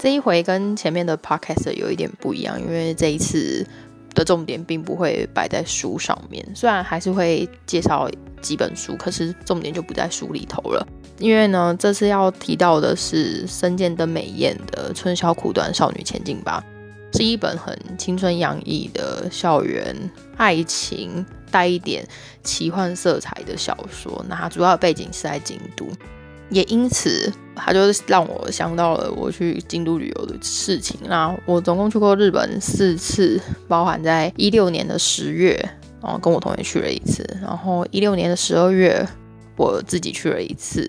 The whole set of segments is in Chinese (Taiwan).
這一回跟前面的 podcast 有一點不一樣，因為這一次的重點並不會擺在書上面，雖然還是會介紹幾本書，可是重點就不在書裡頭了。因為呢，這次要提到的是森見登美彥的《春宵苦短少女前進吧》，是一本很青春洋溢的校園愛情，帶一點奇幻色彩的小說。那它主要的背景是在京都。也因此，他就讓我想到了我去京都旅遊的事情。那我總共去過日本四次，包含在一六年的十月，哦，跟我同學去了一次；然後一六年的十二月，我自己去了一次；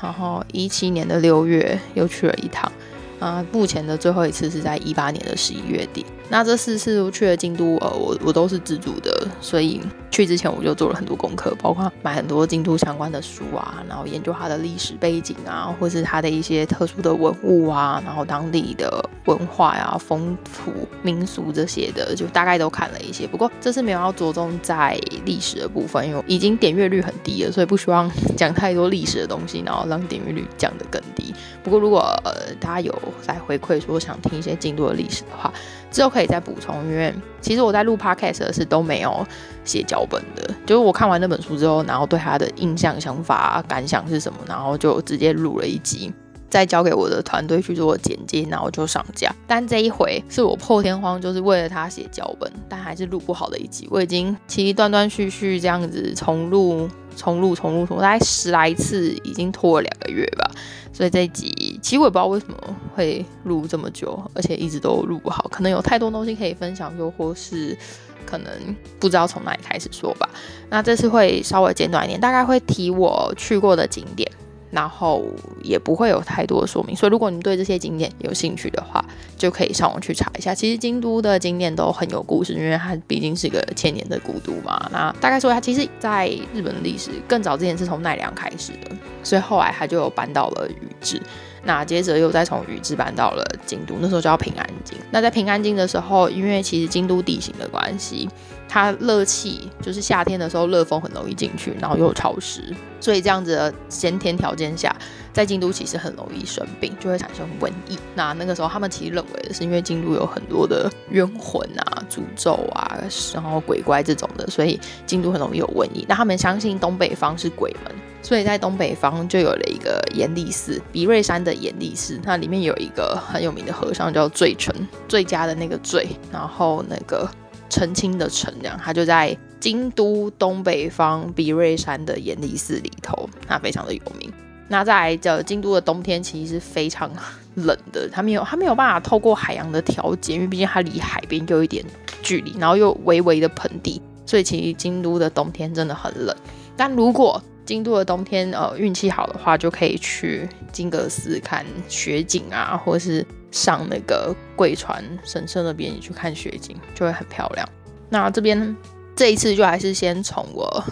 然後一七年的六月又去了一趟。啊，目前的最後一次是在一八年的十一月底。那這四次去的京都，呃，我我都是自助的，所以去之前我就做了很多功課，包括買很多京都相關的書啊，然後研究它的歷史背景啊，或是它的一些特殊的文物啊，然後當地的文化呀、啊、風土民俗這些的，就大概都看了一些。不過這次沒有要着重在歷史的部分，因為已經點閱率很低了，所以不希望講太多歷史的東西，然後讓點閱率降得更低。不過如果、呃、大家有來回饋說想聽一些京都的歷史的話，之後可。可以再補充，因為其實我在錄 podcast 的時候是都沒有寫腳本的，就是我看完那本書之後，然後對他的印象、想法、感想是什麼，然後就直接錄了一集，再交給我的團隊去做剪輯，然後就上架。但這一回是我破天荒，就是為了他寫腳本，但還是錄不好的一集。我已經其實斷斷續續這樣子重錄。重錄、重錄、重錄，大概十來次，已經拖了兩個月吧。所以這一集其實我也不知道為什麼會錄這麼久，而且一直都錄不好，可能有太多東西可以分享就，又或是可能不知道從哪裡開始說吧。那這次會稍微簡短一點，大概會提我去過的景點。然後也不會有太多的說明，所以如果你對這些景點有興趣的話，就可以上網去查一下。其實京都的景點都很有故事，因為它畢竟是一個千年的古都嘛。那大概說一下，其實在日本歷史更早之前是從奈良開始的，所以後來它就搬到了宇治。那接着又再從宇治搬到了京都，那時候叫平安京。那在平安京的時候，因為其實京都地形的關係，它熱氣就是夏天的時候熱風很容易進去，然後又潮濕，所以這樣子的先天條件下，在京都其實很容易生病，就會產生瘟疫。那那個時候他們其實認為的是因為京都有很多的冤魂啊、詛咒啊，然後鬼怪這種的，所以京都很容易有瘟疫。那他們相信東北方是鬼門。所以在東北方就有了一個延曆寺，比叡山的延曆寺。那裡面有一個很有名的和尚叫最澄，最佳的那個最，然後那個澄清的澄。這樣他就在京都東北方比叡山的延曆寺裡頭，他非常的有名。那在呃京都的冬天其實是非常冷的。他沒有他沒有辦法透過海洋的調節，因為畢竟它離海邊就有一點距離，然後又微微的盆地，所以其實京都的冬天真的很冷。但如果京都的冬天，呃，運氣好的話，就可以去金閣寺看雪景啊，或是上那個貴船神社那邊也去看雪景，就會很漂亮。那這邊這一次就還是先從我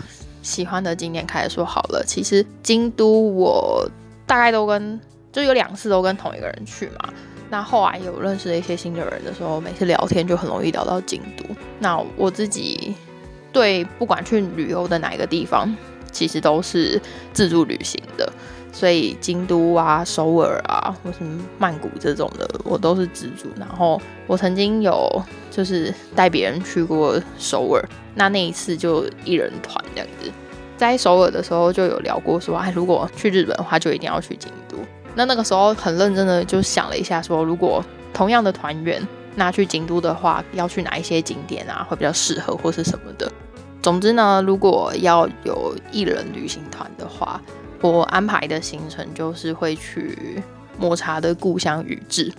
喜歡的景點開始說好了。其實京都我大概都跟就有兩次都跟同一個人去嘛。那後來有認識了一些新的人的時候，每次聊天就很容易聊到京都。那我自己對不管去旅遊的哪一個地方。其實都是自助旅行的，所以京都啊、首爾啊，或是曼谷這種的，我都是自助。然後我曾經有就是帶別人去過首爾，那那一次就一人團這樣子。在首爾的時候就有聊過說，說哎，如果去日本的話，就一定要去京都。那那個時候很認真的就想了一下說，說如果同樣的團員，那去京都的話，要去哪一些景點啊，會比較適合，或是什麼的。總之呢，如果要有一人旅行團的話，我安排的行程就是會去抹茶的故鄉宇治。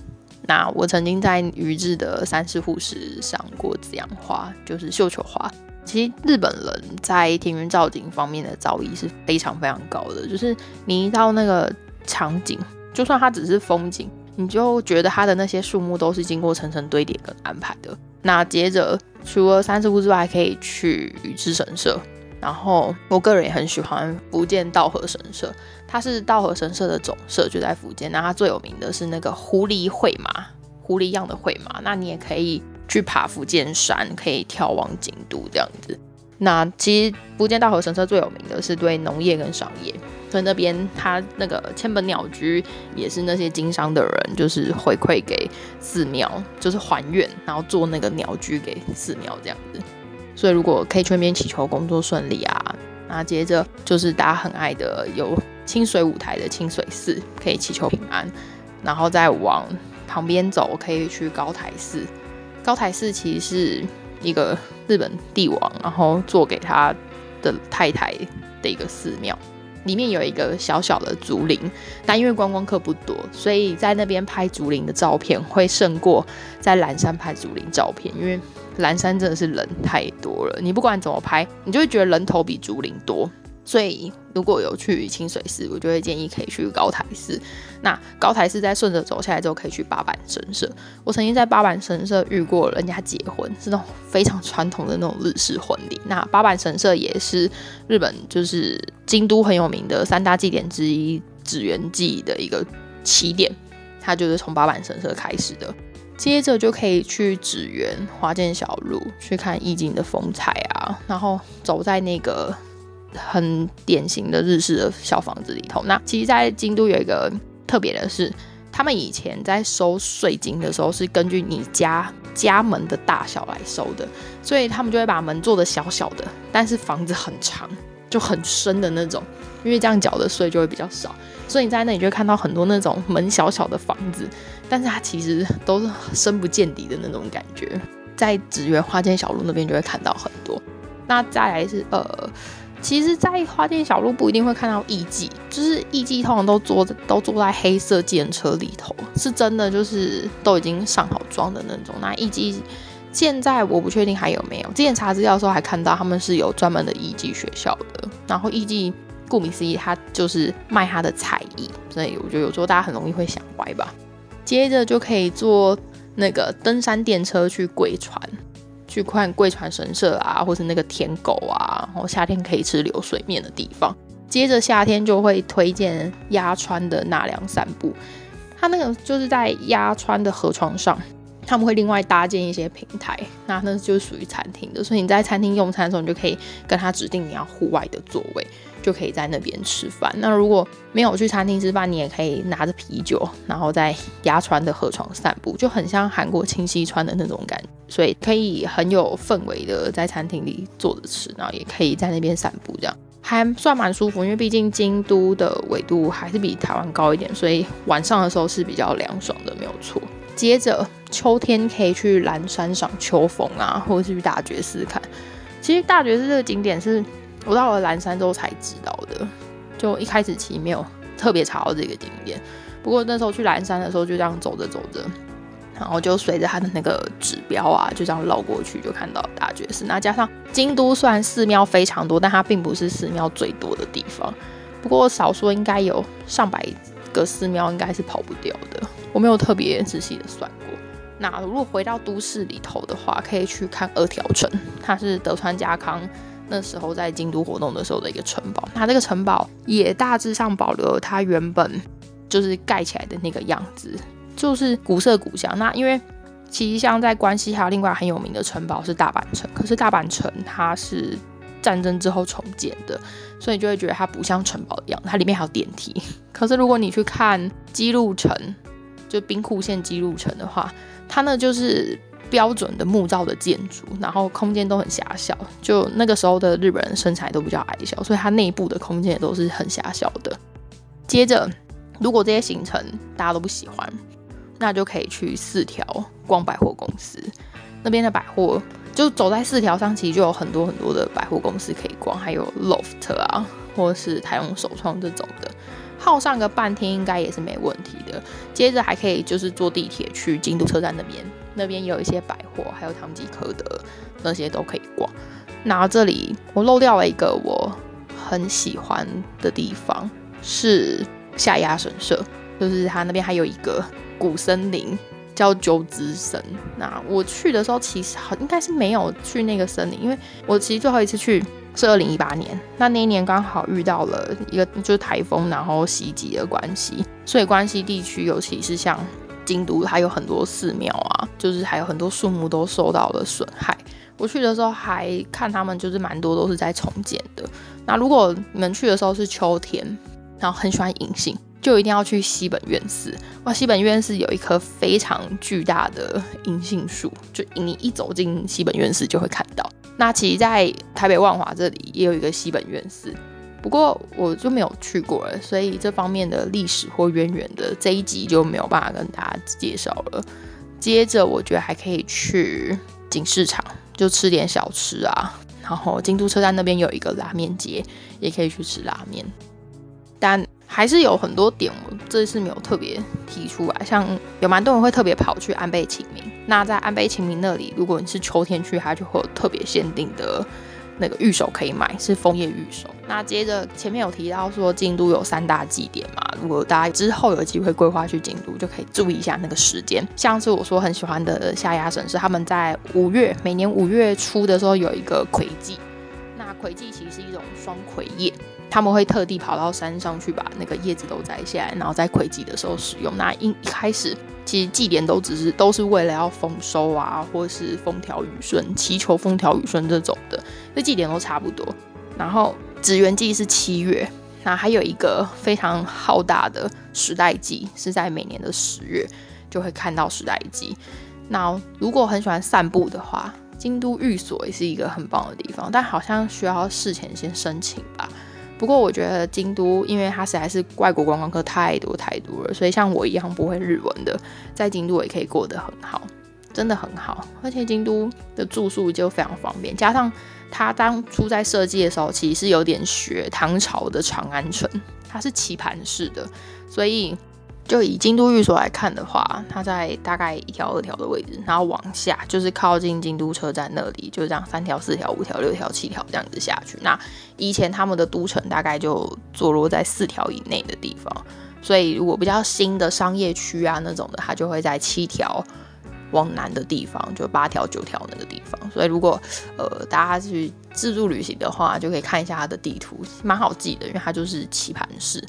那我曾經在宇治的三室戶寺賞過紫陽花，就是繡球花。其實日本人在庭園造景方面的造詣是非常非常高的，就是你一到那個場景，就算它只是風景，你就覺得它的那些樹木都是經過層層堆疊跟安排的。那接着。除了三十屋之外，還可以去宇治神社。然後，我個人也很喜歡伏見稻荷神社，它是稻荷神社的總社，就在伏見。那它最有名的是那個狐狸繪馬，狐狸樣的繪馬。那你也可以去爬伏見山，可以眺望京都這樣子。那其實伏見稻荷神社最有名的是對農業跟商業。所以那邊他那個千本鳥居也是那些經商的人，就是回饋給寺廟，就是還願，然後做那個鳥居給寺廟這樣子。所以如果可以去那邊祈求工作順利啊，那接着就是大家很愛的有清水舞台的清水寺，可以祈求平安。然後再往旁邊走，可以去高台寺。高台寺其實是一個日本帝王，然後做給他的太太的一個寺廟。裡面有一個小小的竹林，但因為觀光客不多，所以在那邊拍竹林的照片會勝過在嵐山拍竹林照片，因為嵐山真的是人太多了，你不管怎麼拍，你就會覺得人頭比竹林多。所以，如果有去清水寺，我就會建議可以去高台寺。那高台寺再順着走下來之後，可以去八坂神社。我曾經在八坂神社遇過人家結婚，是那種非常傳統的那種日式婚禮。那八坂神社也是日本就是京都很有名的三大祭典之一，祇園祭的一個起點。它就是從八坂神社開始的，接着就可以去祇園，花見小路去看意境的風采啊，然後走在那個。很典型的日式的小房子裡頭。那其實，在京都有一個特別的是，他們以前在收稅金的時候是根據你家家門的大小來收的，所以他們就會把門做得小小的，但是房子很長，就很深的那種。因為這樣繳的稅就會比較少，所以你在那裡就會看到很多那種門小小的房子，但是它其實都是深不見底的那種感覺。在祇園花見小路那邊就會看到很多。那再來是呃。其實，在花店小路不一定會看到藝妓，就是藝妓通常都坐都坐在黑色電車裡頭，是真的，就是都已經上好妝的那種。那藝妓現在我不確定還有沒有，之前查資料的時候還看到他們是有專門的藝妓學校的。然後藝妓顧名思義，他就是賣他的才藝，所以我覺得有時候大家很容易會想歪吧。接着就可以坐那個登山電車去貴船。去看貴船神社啊，或是那個天狗啊，然後夏天可以吃流水麵的地方。接着夏天就會推薦鴨川的納涼散步，它那個就是在鴨川的河床上。他們會另外搭建一些平台，那那就是屬於餐廳的，所以你在餐廳用餐的時候，你就可以跟他指定你要戶外的座位，就可以在那邊吃飯。那如果沒有去餐廳吃飯，你也可以拿着啤酒，然後在鴨川的河床散步，就很像韓國清溪川的那種感覺，所以可以很有氛圍的在餐廳裡坐着吃，然後也可以在那邊散步，這樣還算蠻舒服。因為畢竟京都的緯度還是比台灣高一點，所以晚上的時候是比較涼爽的，沒有錯。接着。秋天可以去嵐山賞秋風啊，或者是去大覺寺看。其實大覺寺這個景點是我到了嵐山之後才知道的，就一開始其實沒有特別查到這個景點。不過那時候去嵐山的時候，就這樣走着走着，然後就隨着它的那個指標啊，就這樣繞過去就看到大覺寺。那加上京都雖然寺廟非常多，但它並不是寺廟最多的地方。不過少說應該有上百個寺廟，應該是跑不掉的。我沒有特別仔細的算。那如果回到都市裡頭的話，可以去看二條城，它是德川家康那時候在京都活動的時候的一個城堡。它這個城堡也大致上保留了它原本就是蓋起來的那個樣子，就是古色古香。那因為其實像在關西還有另外很有名的城堡是大阪城，可是大阪城它是戰爭之後重建的，所以你就會覺得它不像城堡一樣，它裡面還有電梯。可是如果你去看姬路城，就兵庫縣姬路城的話，它呢就是標準的木造的建築，然後空間都很狹小。就那個時候的日本人身材都比較矮小，所以它內部的空間也都是很狹小的。接着，如果這些行程大家都不喜歡，那就可以去四條逛百貨公司。那邊的百貨就走在四條上，其實就有很多很多的百貨公司可以逛，還有 LOFT 啊。或是台用手首創這種的，耗上個半天應該也是沒問題的。接着還可以就是坐地鐵去京都車站那邊，那邊有一些百貨，還有唐吉訶德那些都可以逛。那這裡我漏掉了一個我很喜歡的地方，是下鴨神社，就是它那邊還有一個古森林叫九之森。那我去的時候其實應該是沒有去那個森林，因為我其實最後一次去，是二零一八年，那那一年剛好遇到了一個就是台風，然後襲擊的關係，所以關西地區，尤其是像京都，它有很多寺廟啊，就是還有很多樹木都受到了損害。我去的時候還看他們，就是蠻多都是在重建的。那如果你們去的時候是秋天，然後很喜歡銀杏。就一定要去西本願寺哇！西本願寺有一棵非常巨大的銀杏樹，就你一走進西本願寺就會看到。那其實在台北萬華這裡也有一個西本願寺，不過我就沒有去過了，所以這方面的歷史或淵源的這一集就沒有辦法跟大家介紹了。接着我覺得還可以去錦市場，就吃點小吃啊。然後京都車站那邊有一個拉麵街，也可以去吃拉麵。還是有很多點我這次沒有特別提出來，像有蠻多人會特別跑去安倍晴明。那在安倍晴明那裡，如果你是秋天去，它就會有特別限定的那個御守可以買，是楓葉御守。那接着前面有提到說京都有三大祭典嘛，如果大家之後有機會規劃去京都，就可以注意一下那個時間。像是我說很喜歡的下鴨神社，他們在五月每年五月初的時候有一個葵祭，那葵祭其實是一種雙葵葉。他們會特地跑到山上去把那個葉子都摘下來，然後在葵祭的時候使用。那一一開始其實祭典都只是都是為了要豐收啊，或是風調雨順，祈求風調雨順這種的，那祭典都差不多。然後祇園祭是七月，那還有一個非常浩大的時代祭是在每年的十月就會看到時代祭。那如果很喜歡散步的話，京都御所也是一個很棒的地方，但好像需要事前先申請吧。不過我覺得京都，因為它實在是外國觀光客太多太多了，所以像我一樣不會日文的，在京都也可以過得很好，真的很好。而且京都的住宿就非常方便，加上它當初在設計的時候，其實是有點學唐朝的長安城，它是棋盤式的，所以。就以京都御所來看的話，它在大概一條、二條的位置，然後往下就是靠近京都車站那裡，就這樣三條、四條、五條、六條、七條這樣子下去。那以前他們的都城大概就坐落在四條以內的地方，所以如果比較新的商業區啊那種的，它就會在七條往南的地方，就八條、九條那個地方。所以如果呃大家去自助旅行的話，就可以看一下它的地圖，蠻好記的，因為它就是棋盤式，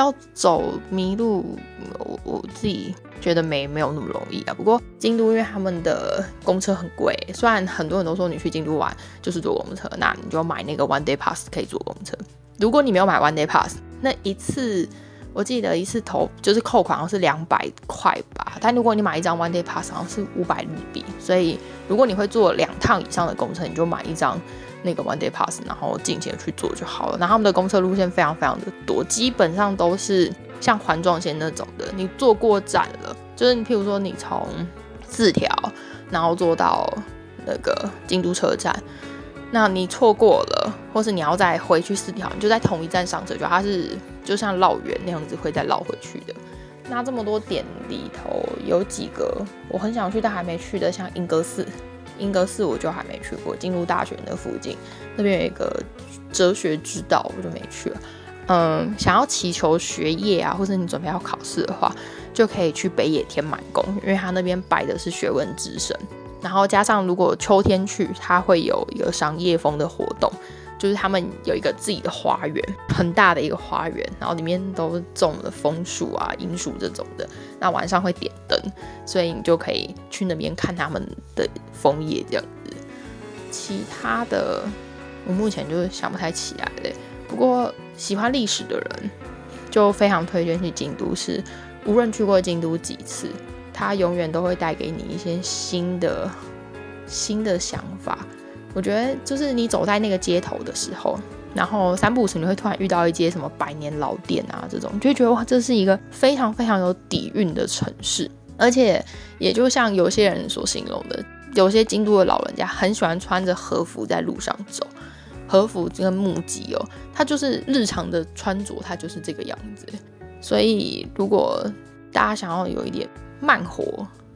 要走迷路，我我自己覺得沒沒有那麼容易啊。不過京都，因為他們的公車很貴，雖然很多人都說你去京都玩就是坐公車，那你就買那個 one day pass 可以坐公車。如果你沒有買 one day pass，那一次我記得一次投就是扣款好像是兩百塊吧。但如果你買一張 one day pass，好像是五百日幣。所以如果你會坐兩趟以上的公車，你就買一張。那個 one day pass，然後盡情去坐就好了。那他們的公車路線非常非常的多，基本上都是像環狀線那種的。你坐過站了，就是你譬如說你從四條，然後坐到那個京都車站，那你錯過了，或是你要再回去四條，你就在同一站上車，就它是就像繞圓那樣子會再繞回去的。那這麼多點裡頭，有幾個我很想去但還沒去的，像銀閣寺。銀閣寺我就還沒去過，京都大學那附近，那邊有一個哲學之道，我就沒去了。嗯，想要祈求學業啊，或者你準備要考試的話，就可以去北野天滿宮，因為它那邊擺的是學問之神。然後加上如果秋天去，它會有一個賞夜楓的活動。就是他們有一個自己的花園，很大的一個花園，然後裡面都種了楓樹啊、櫻樹這種的。那晚上會點燈，所以你就可以去那邊看他們的楓葉這樣子。其他的，我目前就是想不太起來了。不過喜歡歷史的人，就非常推薦去京都市。無論去過京都幾次，它永遠都會帶給你一些新的、新的想法。我覺得就是你走在那個街頭的時候，然後三不五時你會突然遇到一些什麼百年老店啊，這種你就會覺得哇，這是一個非常非常有底蘊的城市。而且也就像有些人所形容的，有些京都的老人家很喜歡穿着和服在路上走，和服這個木屐哦，他就是日常的穿着，他就是這個樣子。所以如果大家想要有一點慢活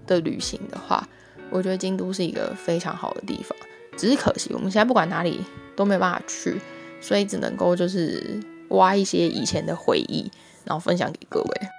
的旅行的話，我覺得京都是一個非常好的地方。只是可惜，我們現在不管哪裡都沒辦法去，所以只能夠就是挖一些以前的回憶，然後分享給各位。